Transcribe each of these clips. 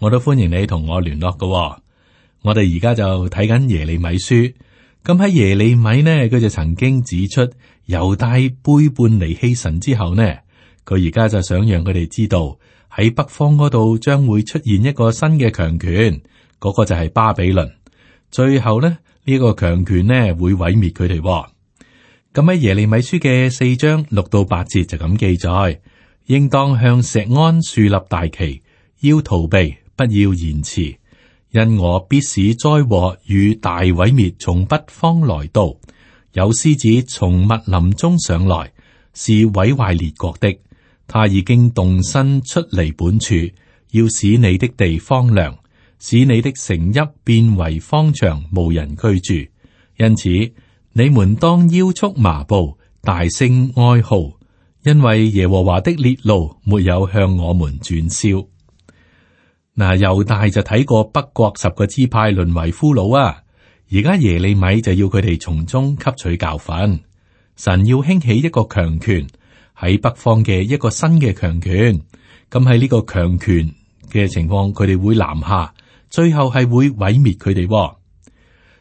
我都歡迎你同我聯絡嘅、哦。我哋而家就睇緊耶利米書，咁喺耶利米呢，佢就曾經指出猶大背叛離棄神之後呢，佢而家就想讓佢哋知道喺北方嗰度將會出現一個新嘅強權，嗰、那個就係巴比倫。最後呢，呢、這、一個強權呢，會毀滅佢哋、哦。咁喺耶利米書嘅四章六到八節就咁記載，應當向錫安豎立大旗，要逃避。不要延遲，因我必使災禍與大毀滅從北方來到。有獅子從密林中上來，是毀壞列國的。他已經動身出離本處，要使你的地方涼，使你的城邑變為荒場，無人居住。因此，你們當腰束麻布，大聲哀號，因為耶和華的烈怒沒有向我們轉消。嗱，猶大就睇過北國十個支派淪為俘虜啊！而家耶利米就要佢哋從中吸取教訓，神要興起一個強權喺北方嘅一個新嘅強權。咁喺呢個強權嘅情況，佢哋會南下，最後係會毀滅佢哋。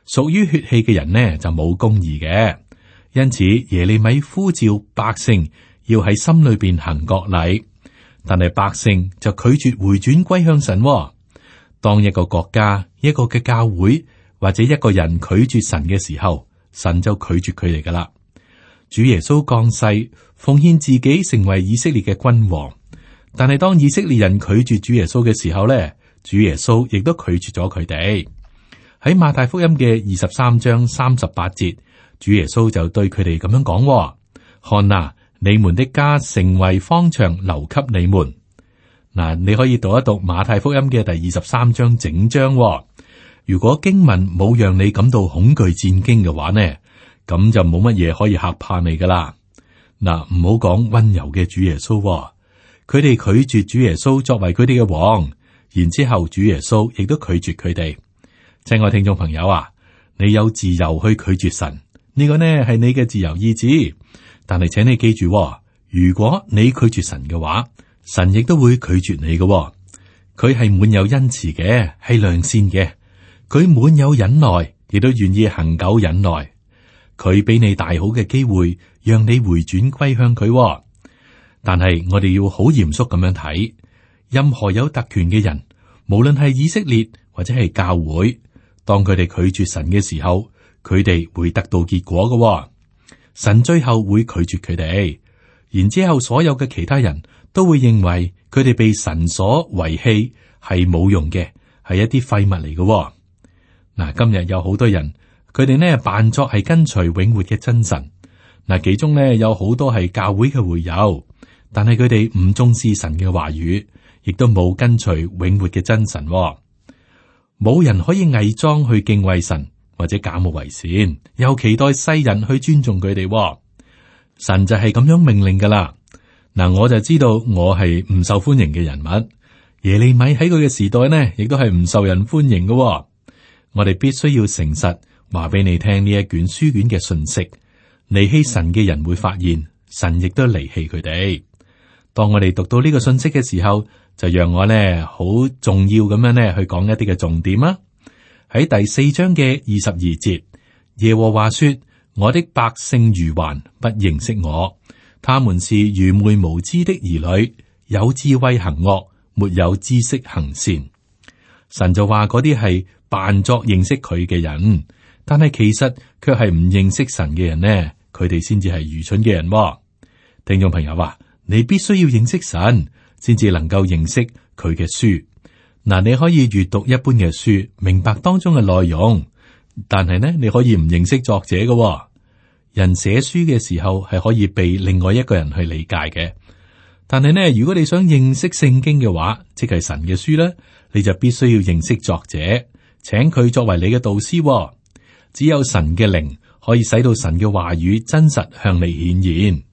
屬於血氣嘅人呢就冇公義嘅，因此耶利米呼召百姓要喺心裏邊行國禮。但係百姓就拒絕回轉歸向神、哦。當一個國家、一個嘅教會或者一個人拒絕神嘅時候，神就拒絕佢哋噶啦。主耶穌降世奉獻自己成為以色列嘅君王，但係當以色列人拒絕主耶穌嘅時候咧，主耶穌亦都拒絕咗佢哋。喺馬太福音嘅二十三章三十八節，主耶穌就對佢哋咁樣講、哦：，看啊！你們的家成為方場，留給你們。嗱，你可以讀一讀馬太福音嘅第二十三章整章。如果經文冇讓你感到恐懼戰驚嘅話呢，咁就冇乜嘢可以嚇怕你噶啦。嗱，唔好講溫柔嘅主耶穌，佢哋拒絕主耶穌作為佢哋嘅王，然之後主耶穌亦都拒絕佢哋。親愛聽眾朋友啊，你有自由去拒絕神，呢個呢係你嘅自由意志。但係，請你記住，如果你拒絕神嘅話，神亦都會拒絕你嘅。佢係滿有恩慈嘅，係良善嘅，佢滿有忍耐，亦都願意恒久忍耐。佢俾你大好嘅機會，讓你回轉歸向佢。但係我哋要好嚴肅咁樣睇，任何有特權嘅人，無論係以色列或者係教會，當佢哋拒絕神嘅時候，佢哋會得到結果嘅。神最後會拒絕佢哋，然之後所有嘅其他人都會認為佢哋被神所遺棄係冇用嘅，係一啲廢物嚟嘅。嗱，今日有好多人，佢哋呢扮作係跟隨永活嘅真神，嗱，其中呢有好多係教會嘅會友，但係佢哋唔忠信神嘅話語，亦都冇跟隨永活嘅真神，冇人可以偽裝去敬畏神。或者假冒為善，又期待世人去尊重佢哋。神就係咁樣命令噶啦。嗱，我就知道我係唔受歡迎嘅人物。耶利米喺佢嘅時代呢，亦都係唔受人歡迎嘅。我哋必須要誠實話俾你聽呢一卷書卷嘅信息。離棄神嘅人會發現神亦都離棄佢哋。當我哋讀到呢個信息嘅時候，就讓我呢，好重要咁樣呢，去講一啲嘅重點啊！喺第四章嘅二十二節，耶和華說：我的百姓愚頑，不認識我，他們是愚昧無知的兒女，有智慧行惡，沒有知識行善。神就話嗰啲係扮作認識佢嘅人，但係其實卻係唔認識神嘅人呢，佢哋先至係愚蠢嘅人。聽眾朋友啊，你必須要認識神，先至能夠認識佢嘅書。嗱，你可以閱讀一般嘅書，明白當中嘅內容，但係呢，你可以唔認識作者嘅喎。人寫書嘅時候係可以被另外一個人去理解嘅，但係呢，如果你想認識聖經嘅話，即係神嘅書呢，你就必須要認識作者，請佢作為你嘅導師喎。只有神嘅靈可以使到神嘅話語真實向你顯現。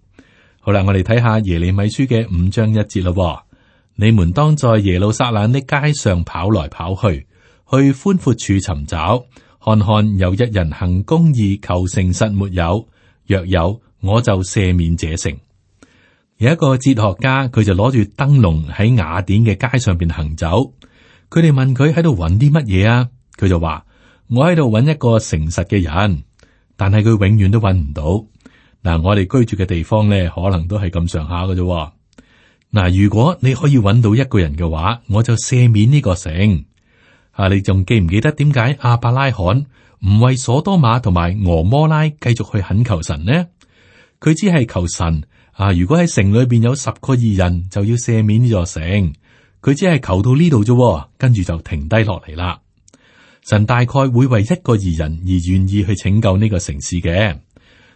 好啦，我哋睇下耶利米書嘅五章一節啦喎。你們當在耶路撒冷的街上跑來跑去，去寬闊處尋找，看看有一人行公義、求誠實沒有。若有，我就赦免這城。有一個哲學家，佢就攞住燈籠喺雅典嘅街上邊行走。佢哋問佢喺度揾啲乜嘢啊？佢就話：我喺度揾一個誠實嘅人，但係佢永遠都揾唔到。嗱，我哋居住嘅地方咧，可能都係咁上下㗎啫。嗱，如果你可以揾到一個人嘅話，我就赦免呢個城。啊，你仲記唔記得點解亞伯拉罕唔為所多瑪同埋俄摩拉繼續去懇求神呢？佢只係求神啊，如果喺城裏邊有十個義人，就要赦免呢座城。佢只係求到呢度啫，跟住就停低落嚟啦。神大概會為一個義人而願意去拯救呢個城市嘅，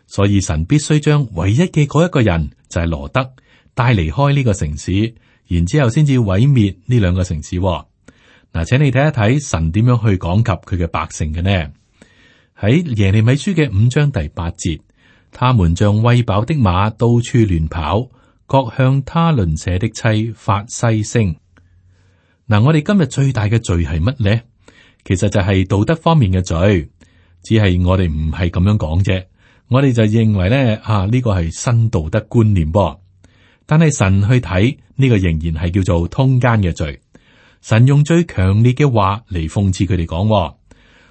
所以神必須將唯一嘅嗰一個人就係、是、羅得。帶離開呢個城市，然之後先至毀滅呢兩個城市。嗱，請你睇一睇神點樣去講及佢嘅百姓嘅呢？喺耶利米書嘅五章第八節，他們像餵飽的馬到處亂跑，各向他鄰舍的妻發嘶聲。嗱、嗯，我哋今日最大嘅罪係乜呢？其實就係道德方面嘅罪，只係我哋唔係咁樣講啫。我哋就認為咧，啊呢個係新道德觀念噃。但係神去睇呢個仍然係叫做通姦嘅罪，神用最強烈嘅話嚟諷刺佢哋講：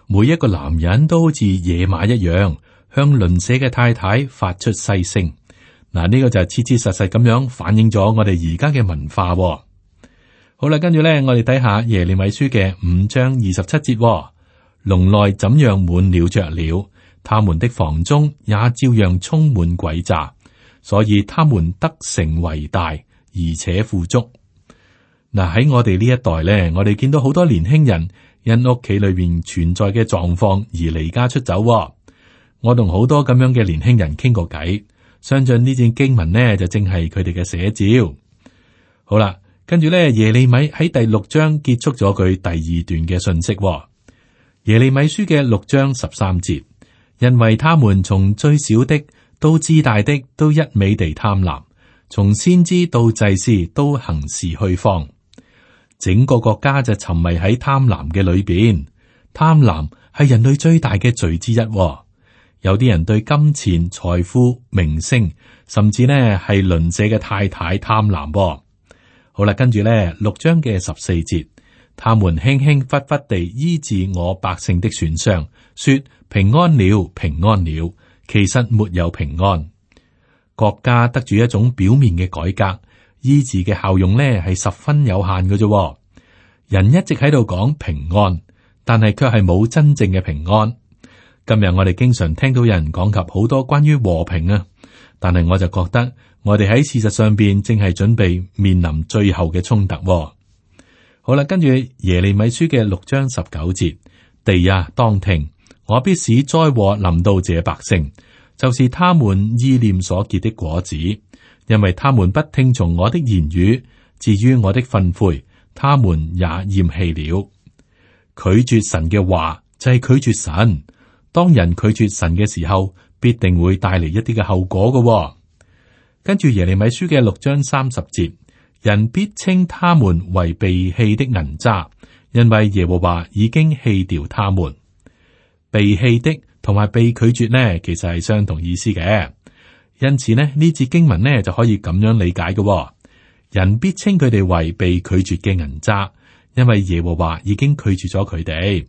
每一個男人都好似野馬一樣，向鄰舍嘅太太發出嘶聲。嗱，呢個就係切切實實咁樣反映咗我哋而家嘅文化。好啦，跟住咧，我哋睇下耶利米書嘅五章二十七節：籠內怎樣滿了雀鳥，他們的房中也照樣充滿詭詐。所以他們得成為大，而且富足。嗱，喺我哋呢一代咧，我哋見到好多年輕人因屋企裏面存在嘅狀況而離家出走，哦。我同好多咁樣嘅年輕人傾過偈，相信呢段經文呢，就正係佢哋嘅寫照。好啦，跟住咧，耶利米喺第六章結束咗佢第二段嘅信息，哦。耶利米書嘅六章十三節，因為他們從最小的。都至大的都一味地貪婪，從先知到祭司都行事虛謊，整個國家就沉迷喺貪婪嘅裏邊。貪婪係人類最大嘅罪之一，哦。有啲人對金錢、財富、名聲，甚至咧係鄰舍嘅太太貪婪，哦。好啦，跟住咧六章嘅十四節，他們輕，輕輕忽忽地醫治我百姓的損傷，說平安了，平安了。其實沒有平安，國家得住一種表面嘅改革，醫治嘅效用呢係十分有限嘅啫。人一直喺度講平安，但係卻係冇真正嘅平安。今日我哋經常聽到有人講及好多關於和平啊，但係我就覺得我哋喺事實上邊正係準備面臨最後嘅衝突啊。好啦，跟住耶利米書嘅六章十九節，地啊，當聽。我必使災禍臨到這百姓，就是他們意念所結的果子，因為他們不聽從我的言語。至於我的糞悔，他們也厭棄了，拒絕神嘅話就係、是、拒絕神。當人拒絕神嘅時候，必定會帶嚟一啲嘅後果、哦。噶跟住耶利米書嘅六章三十節，人必稱他們為被棄的銀渣，因為耶和華已經棄掉他們。被棄的同埋被拒絕呢，其實係相同意思嘅。因此呢，呢節經文呢就可以咁樣理解嘅、哦。人必稱佢哋為被拒絕嘅銀渣，因為耶和華已經拒絕咗佢哋。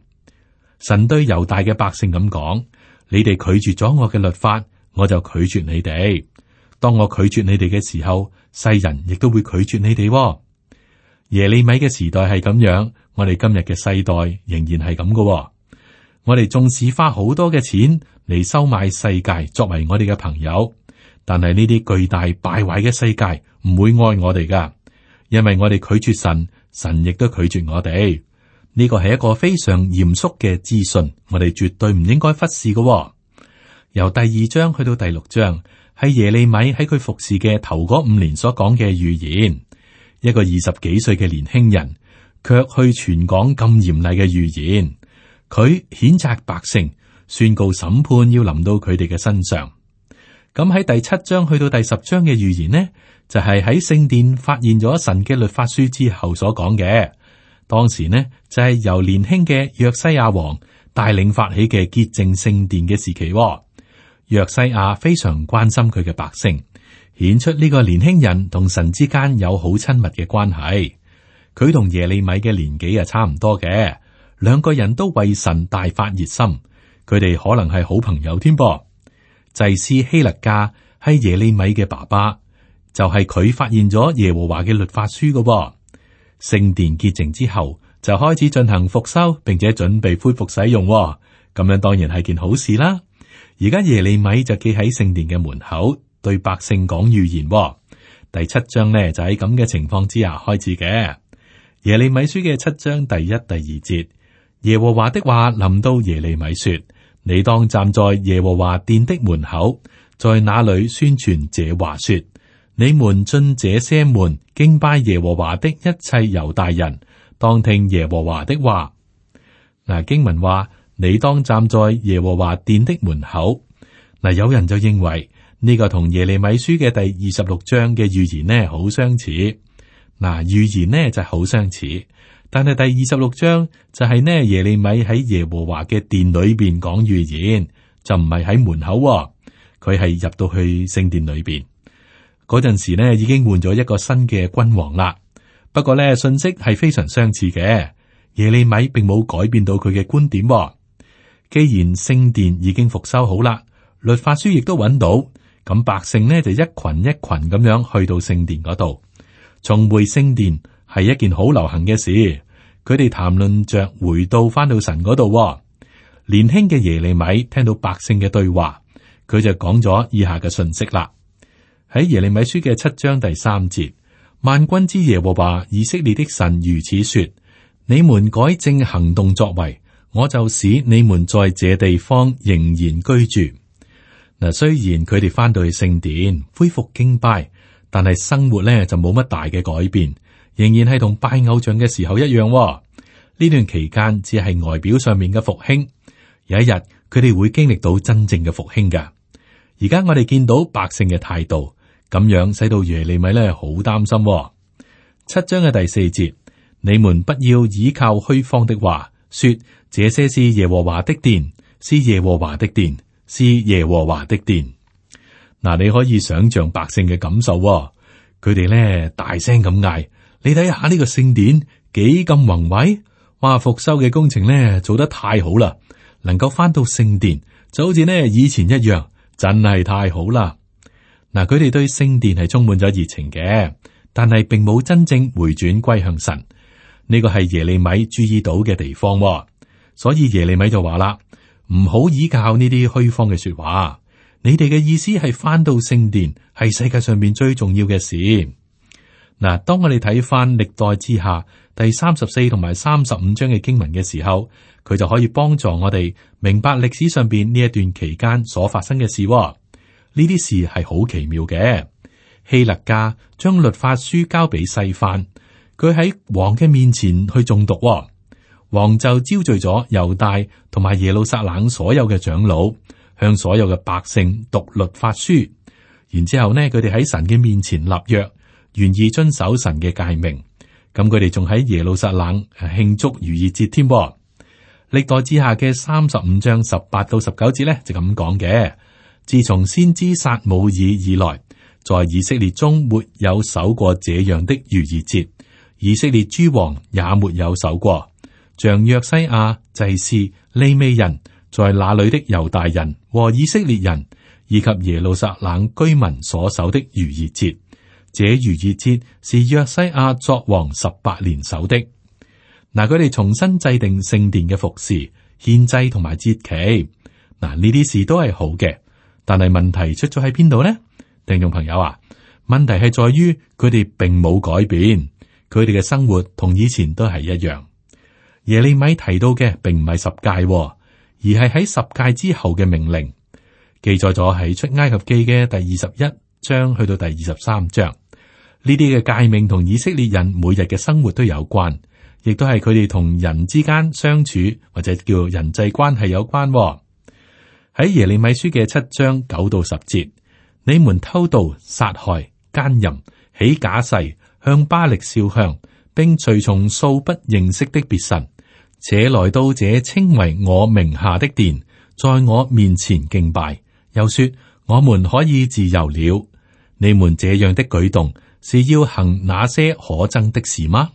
神對猶大嘅百姓咁講：，你哋拒絕咗我嘅律法，我就拒絕你哋。當我拒絕你哋嘅時候，世人亦都會拒絕你哋、哦。耶利米嘅時代係咁樣，我哋今日嘅世代仍然係咁噶我哋縱使花好多嘅錢嚟收買世界，作為我哋嘅朋友，但係呢啲巨大敗壞嘅世界唔會愛我哋噶，因為我哋拒絕神，神亦都拒絕我哋。呢個係一個非常嚴肅嘅資訊，我哋絕對唔應該忽視噶，哦。由第二章去到第六章，係耶利米喺佢服侍嘅頭嗰五年所講嘅預言。一個二十幾歲嘅年輕人，卻去傳講咁嚴厲嘅預言。佢譴責百姓，宣告審判要臨到佢哋嘅身上。咁喺第七章去到第十章嘅預言呢，就係喺聖殿發現咗神嘅律法書之後所講嘅。當時呢，就係、是、由年輕嘅約西亞王帶領發起嘅潔淨聖殿嘅時期。約西亞非常關心佢嘅百姓，顯出呢個年輕人同神之間有好親密嘅關係。佢同耶利米嘅年紀係差唔多嘅。兩個人都為神大發熱心，佢哋可能係好朋友添噃。祭司希勒家係耶利米嘅爸爸，就係、是、佢發現咗耶和華嘅律法書㗎。聖殿潔淨之後，就開始進行復修，並且準備恢復使用。咁樣當然係件好事啦。而家耶利米就企喺聖殿嘅門口，對百姓講預言。第七章呢，就喺咁嘅情況之下開始嘅。耶利米書嘅七章第一、第二節。耶和華的話臨到耶利米說：你當站在耶和華殿的門口，在那裏宣傳這話說：你們進這些門敬拜耶和華的，的一切猶大人，當聽耶和華的話。嗱，經文話你當站在耶和華殿的門口。嗱，有人就認為呢、這個同耶利米書嘅第二十六章嘅預言呢，好相似。嗱，預言呢就好相似。但係第二十六章就係呢，耶利米喺耶和華嘅殿裏邊講預言，就唔係喺門口喎，佢係入到去聖殿裏邊。嗰陣時呢已經換咗一個新嘅君王啦，不過呢信息係非常相似嘅。耶利米並冇改變到佢嘅觀點喎。既然聖殿已經復修好啦，律法書亦都揾到，咁百姓呢就一群一群咁樣去到聖殿嗰度，重回聖殿。係一件好流行嘅事。佢哋談論着回到翻到神嗰度。年輕嘅耶利米聽到百姓嘅對話，佢就講咗以下嘅訊息啦。喺耶利米書嘅七章第三節，萬軍之耶和華以色列的神如此說：你們改正行動作為，我就使你們在這地方仍然居住。嗱，雖然佢哋翻到去聖殿恢復敬拜，但係生活呢就冇乜大嘅改變。仍然係同拜偶像嘅時候一樣、哦。呢段期間只係外表上面嘅復興，有一日佢哋會經歷到真正嘅復興。噶而家我哋見到百姓嘅態度，咁樣使到耶利米呢好擔心、哦。七章嘅第四節，你們不要倚靠虛謊的話，說這些是耶和華的殿，是耶和華的殿，是耶和華的殿。嗱，你可以想象百姓嘅感受、哦，佢哋呢，大聲咁嗌。你睇下呢個聖殿幾咁宏偉，哇！復修嘅工程咧做得太好啦，能夠翻到聖殿就好似咧以前一樣，真係太好啦！嗱，佢哋對聖殿係充滿咗熱情嘅，但係並冇真正回轉歸向神。呢個係耶利米注意到嘅地方，所以耶利米就話啦：唔好依靠呢啲虛謊嘅說話，你哋嘅意思係翻到聖殿係世界上面最重要嘅事。嗱，當我哋睇翻歷代之下第三十四同埋三十五章嘅經文嘅時候，佢就可以幫助我哋明白歷史上邊呢一段期間所發生嘅事。呢啲事係好奇妙嘅。希勒家將律法書交俾細范，佢喺王嘅面前去誦讀。王就召集咗猶大同埋耶路撒冷所有嘅長老，向所有嘅百姓讀律法書，然之後呢，佢哋喺神嘅面前立約。願意遵守神嘅誡命，咁佢哋仲喺耶路撒冷慶祝逾越節添。歷代之下嘅三十五章十八到十九節呢，就咁講嘅。自從先知撒母耳以，以來，在以色列中沒有守過這樣的逾越節，以色列諸王也沒有守過，像約西亞祭司、利未人，在那裡的猶大人和以色列人以及耶路撒冷居民所守的逾越節。這逾越節是約西亞作王十八年守的。嗱，佢哋重新制定聖殿嘅服侍、獻祭同埋節期。嗱，呢啲事都係好嘅。但係問題出咗喺邊度呢？聽眾朋友啊，問題係在於佢哋並冇改變，佢哋嘅生活同以前都係一樣。耶利米提到嘅並唔係十誡，而係喺十誡之後嘅命令，記載咗喺出埃及記嘅第二十一，將去到第二十三章，呢啲嘅誡命同以色列人每日嘅生活都有關，亦都係佢哋同人之間相處或者叫人際關係有關，哦。喺耶利米書嘅七章九到十節，你們偷盜、殺害、奸淫、起假誓、向巴力燒香，並隨從素不認識的別神，且來到這稱為我名下的殿，在我面前敬拜，又說我們可以自由了。你們這樣的舉動是要行那些可憎的事嗎？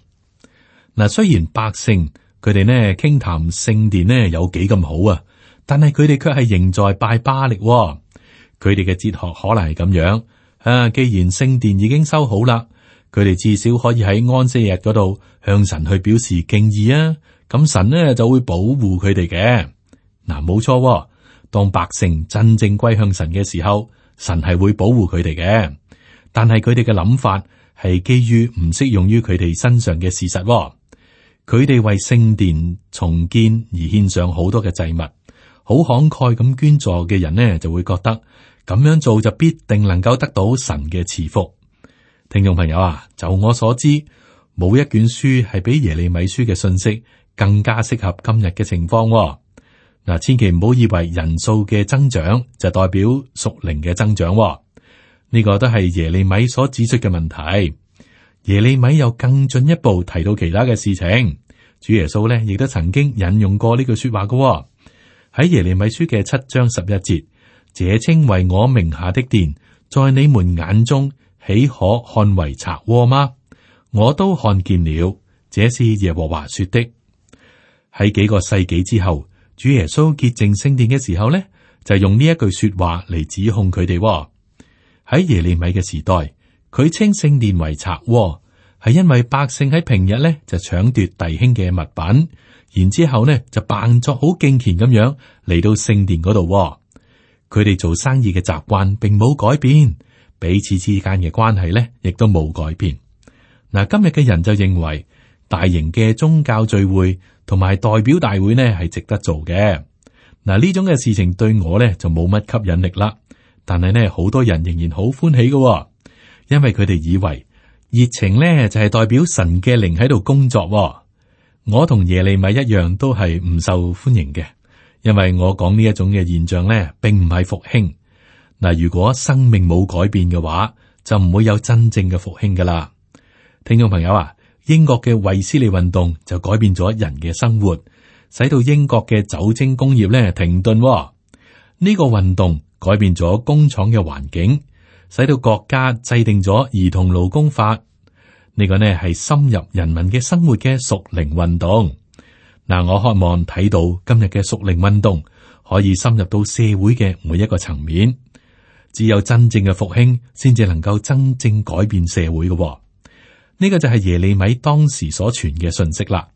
嗱，雖然百姓佢哋呢傾談聖殿呢有幾咁好啊，但係佢哋卻係仍在拜巴力。佢哋嘅哲學可能係咁樣啊，既然聖殿已經修好啦，佢哋至少可以喺安息日嗰度向神去表示敬意啊。咁神呢就會保護佢哋嘅。嗱，冇錯，當百姓真正歸向神嘅時候。神係會保護佢哋嘅，但係佢哋嘅諗法係基於唔適用於佢哋身上嘅事實、哦。佢哋為聖殿重建而獻上好多嘅祭物，好慷慨咁捐助嘅人呢，就會覺得咁樣做就必定能夠得到神嘅賜福。聽眾朋友啊，就我所知，冇一卷書係比耶利米書嘅信息更加適合今日嘅情況、哦。嗱，千祈唔好以為人數嘅增長就代表屬靈嘅增長、哦，呢個都係耶利米所指出嘅問題。耶利米有更進一步提到其他嘅事情。主耶穌呢，亦都曾經引用過呢句說話嘅喎、哦。喺耶利米書嘅七章十一節，這稱為我名下的殿，在你們眼中豈可看為賊窩嗎？我都看見了，這是耶和華說的。喺幾個世紀之後。主耶穌潔淨聖殿嘅時候咧，就用呢一句說話嚟指控佢哋喎。喺耶利米嘅時代，佢稱聖殿為賊，係因為百姓喺平日咧就搶奪弟兄嘅物品，然之後咧就扮作好敬虔咁樣嚟到聖殿嗰度。佢哋做生意嘅習慣並冇改變，彼此之間嘅關係咧亦都冇改變。嗱，今日嘅人就認為。大型嘅宗教聚會同埋代表大會呢，係值得做嘅。嗱，呢種嘅事情對我呢就冇乜吸引力啦。但係呢，好多人仍然好歡喜嘅、哦，因為佢哋以為熱情呢就係、是、代表神嘅靈喺度工作、哦。我同耶利米一樣，都係唔受歡迎嘅，因為我講呢一種嘅現象呢，並唔係復興。嗱，如果生命冇改變嘅話，就唔會有真正嘅復興噶啦。聽眾朋友啊！英國嘅衛斯利運動就改變咗人嘅生活，使到英國嘅酒精工業咧停頓、哦。呢、這個運動改變咗工廠嘅環境，使到國家制定咗兒童勞工法。呢、這個呢係深入人民嘅生活嘅屬靈運動。嗱、啊，我渴望睇到今日嘅屬靈運動可以深入到社會嘅每一個層面。只有真正嘅復興，先至能夠真正改變社會嘅、哦。呢個就係耶利米當時所傳嘅信息啦。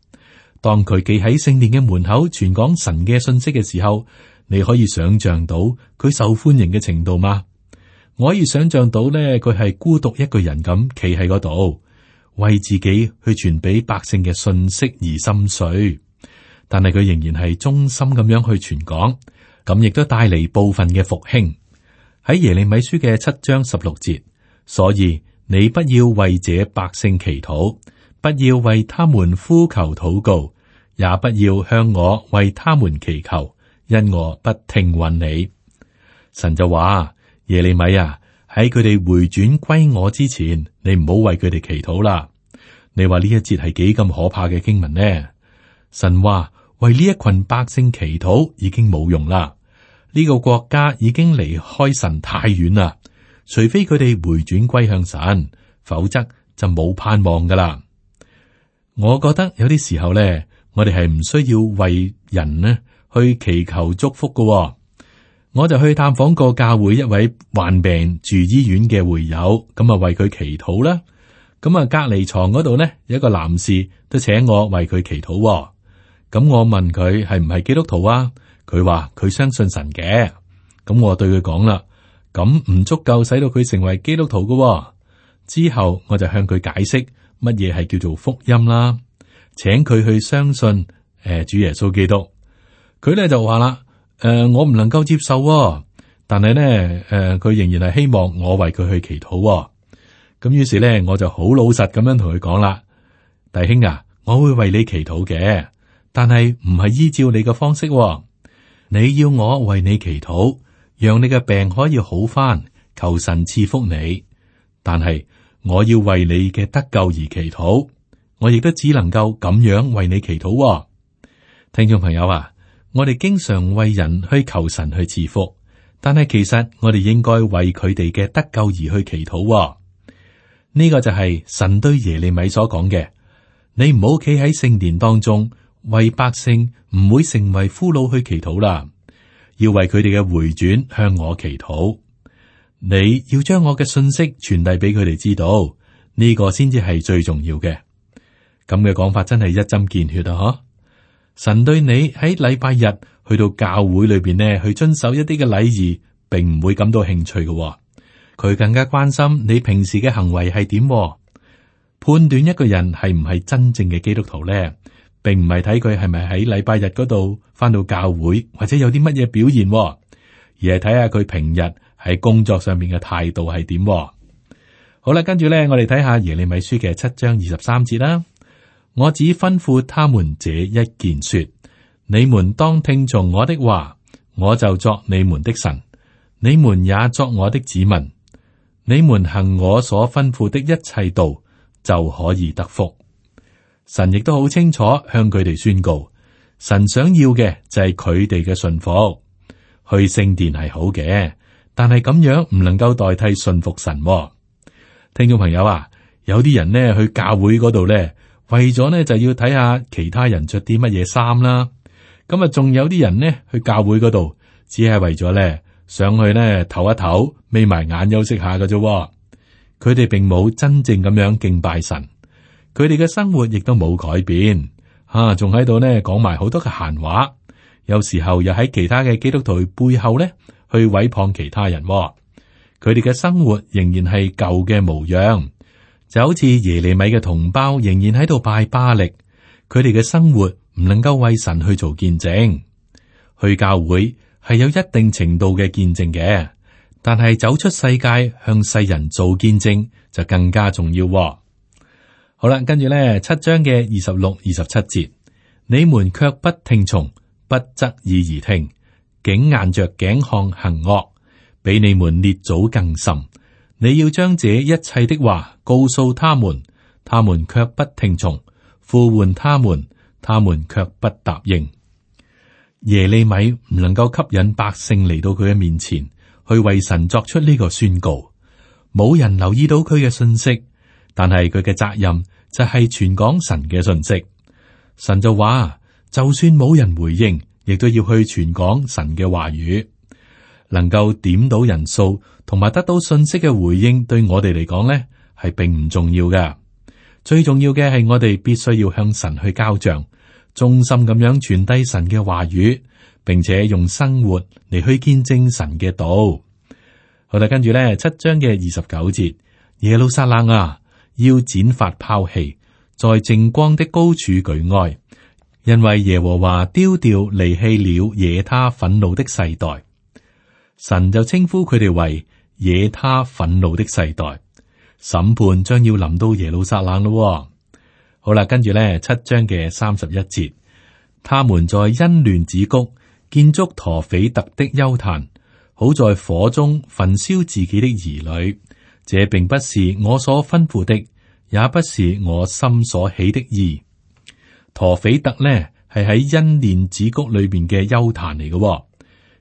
當佢記喺聖殿嘅門口傳講神嘅信息嘅時候，你可以想象到佢受歡迎嘅程度嗎？我可以想象到呢，佢係孤獨一個人咁企喺嗰度，為自己去傳俾百姓嘅信息而心碎。但係佢仍然係忠心咁樣去傳講，咁亦都帶嚟部分嘅復興。喺耶利米書嘅七章十六節，所以。你不要為這百姓祈禱，不要為他們呼求禱告，也不要向我為他們祈求，因我不聽允你。神就話：耶利米啊，喺佢哋回轉歸我之前，你唔好為佢哋祈禱啦。你話呢一節係幾咁可怕嘅經文呢？神話為呢一群百姓祈禱已經冇用啦，呢、這個國家已經離開神太遠啦。除非佢哋回轉歸向神，否則就冇盼望噶啦。我覺得有啲時候咧，我哋係唔需要為人咧去祈求祝福噶喎。我就去探訪過教會一位患病住醫院嘅會友，咁啊為佢祈禱啦。咁啊隔離床嗰度呢，有一個男士都請我為佢祈禱喎。咁我問佢係唔係基督徒啊？佢話佢相信神嘅。咁我就對佢講啦。咁唔足夠使到佢成為基督徒㗎、喎，之後我就向佢解釋乜嘢係叫做福音啦，請佢去相信誒、呃、主耶穌基督。佢咧就話啦，誒、呃、我唔能夠接受、喎，但係咧誒佢仍然係希望我為佢去祈禱、喎。咁於是咧我就好老實咁樣同佢講啦，弟兄啊，我會為你祈禱嘅，但係唔係依照你嘅方式、喎，你要我為你祈禱。讓你嘅病可以好翻，求神賜福你。但係我要為你嘅得救而祈禱，我亦都只能夠咁樣為你祈禱喎。聽眾朋友啊，我哋經常為人去求神去賜福，但係其實我哋應該為佢哋嘅得救而去祈禱喎。呢個就係神對耶利米所講嘅：你唔好企喺聖殿當中為百姓唔會成為俘虜去祈禱啦。要為佢哋嘅回轉向我祈禱，你要將我嘅信息傳遞俾佢哋知道，呢個先至係最重要嘅。咁嘅講法真係一針見血啊！嗬，神對你喺禮拜日去到教會裏邊呢，去遵守一啲嘅禮儀，並唔會感到興趣嘅。佢更加關心你平時嘅行為係點。判斷一個人係唔係真正嘅基督徒咧？並唔係睇佢係咪喺禮拜日嗰度返到教會，或者有啲乜嘢表現，而係睇下佢平日喺工作上面嘅態度係點。好啦，跟住咧，我哋睇下耶利米書嘅七章二十三節啦。我只吩咐他們這一件說：你們當聽從我的話，我就作你們的神，你們也作我的子民。你們行我所吩咐的一切道，就可以得福。神亦都好清楚向佢哋宣告，神想要嘅就係佢哋嘅信服。去聖殿係好嘅，但係咁樣唔能夠代替信服神哦。聽眾朋友啊，有啲人呢去教會嗰度咧，為咗呢就要睇下其他人着啲乜嘢衫啦。咁啊，仲有啲人呢去教會嗰度，只係為咗咧上去呢唞一唞，眯埋眼休息下嘅啫。佢哋並冇真正咁樣敬拜神。佢哋嘅生活亦都冇改變，啊，仲喺度咧講埋好多嘅閒話，有時候又喺其他嘅基督徒背後咧去毀謗其他人，哦。佢哋嘅生活仍然係舊嘅模樣，就好似耶利米嘅同胞仍然喺度拜巴力。佢哋嘅生活唔能夠為神去做見證。去教會係有一定程度嘅見證嘅，但係走出世界向世人做見證就更加重要，哦。好啦，跟住呢七章嘅二十六、二十七節，你們卻不聽從，不側耳而聽，竟硬着頸項行惡，比你們列祖更甚。你要將這一切的話告訴他們，他們卻不聽從；呼喚他們，他們卻不答應。耶利米唔能夠吸引百姓嚟到佢嘅面前，去為神作出呢個宣告，冇人留意到佢嘅信息。但係佢嘅責任就係傳講神嘅信息，神就話，就算冇人回應，亦都要去傳講神嘅話語。能夠點到人數同埋得到信息嘅回應，對我哋嚟講咧係並唔重要嘅。最重要嘅係我哋必須要向神去交賬，忠心咁樣傳遞神嘅話語，並且用生活嚟去見證神嘅道。好啦，跟住咧七章嘅二十九節，耶路撒冷啊！要剪髮拋棄，在淨光的高處舉哀，因為耶和華丟掉、離棄了惹他憤怒的世代。神就稱呼佢哋為惹他憤怒的世代。審判將要臨到耶路撒冷咯。好啦，跟住呢七章嘅三十一節，他們在欣嫩子谷建築陀斐特的丘壇，好在火中焚燒自己的兒女。這並不是我所吩咐的，也不是我心所起的意。陀斐特呢係喺欣嫩子谷裏邊嘅邱壇嚟嘅，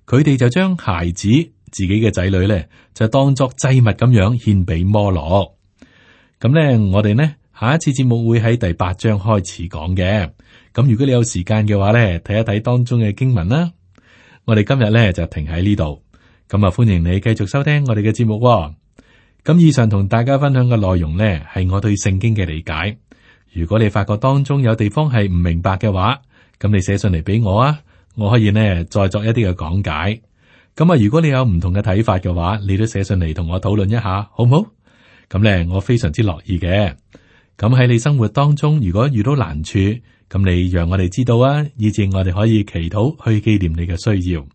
佢哋就將孩子自己嘅仔女呢，就當作祭物咁樣獻俾摩羅。咁呢我哋呢，下一次節目會喺第八章開始講嘅。咁如果你有時間嘅話呢，睇一睇當中嘅經文啦。我哋今日呢，就停喺呢度。咁啊，歡迎你繼續收聽我哋嘅節目，哦。咁以上同大家分享嘅內容呢，係我對聖經嘅理解。如果你發覺當中有地方係唔明白嘅話，咁你寫信嚟俾我啊，我可以呢再作一啲嘅講解。咁啊，如果你有唔同嘅睇法嘅話，你都寫信嚟同我討論一下，好唔好？咁咧，我非常之樂意嘅。咁喺你生活當中，如果遇到難處，咁你讓我哋知道啊，以致我哋可以祈禱去紀念你嘅需要。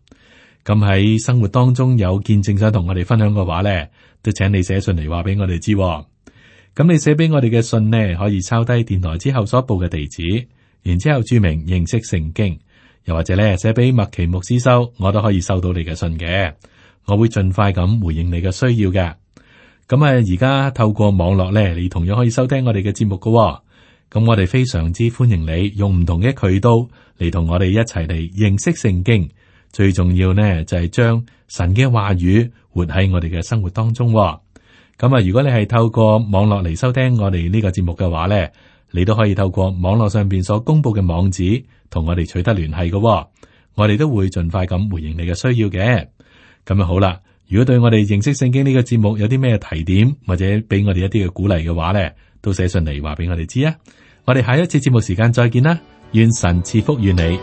咁喺生活當中有見證想同我哋分享嘅話呢，都請你寫信嚟話俾我哋知。咁你寫俾我哋嘅信呢，可以抄低電台之後所報嘅地址，然之後注明認識聖經，又或者咧寫俾麥奇牧師收，我都可以收到你嘅信嘅。我會盡快咁回應你嘅需要嘅。咁啊，而家透過網絡呢，你同樣可以收聽我哋嘅節目噶喎。咁我哋非常之歡迎你用唔同嘅渠道嚟同我哋一齊嚟認識聖經。最重要呢，就係、是、將神嘅話語活喺我哋嘅生活當中、哦。咁、嗯、啊，如果你係透過網絡嚟收聽我哋呢個節目嘅話呢，你都可以透過網絡上邊所公布嘅網址同我哋取得聯繫嘅、哦。我哋都會盡快咁回應你嘅需要嘅。咁、嗯、樣好啦，如果對我哋認識聖經呢、這個節目有啲咩提點或者俾我哋一啲嘅鼓勵嘅話呢，都寫上嚟話俾我哋知啊。我哋下一次節目時間再見啦，願神賜福與你。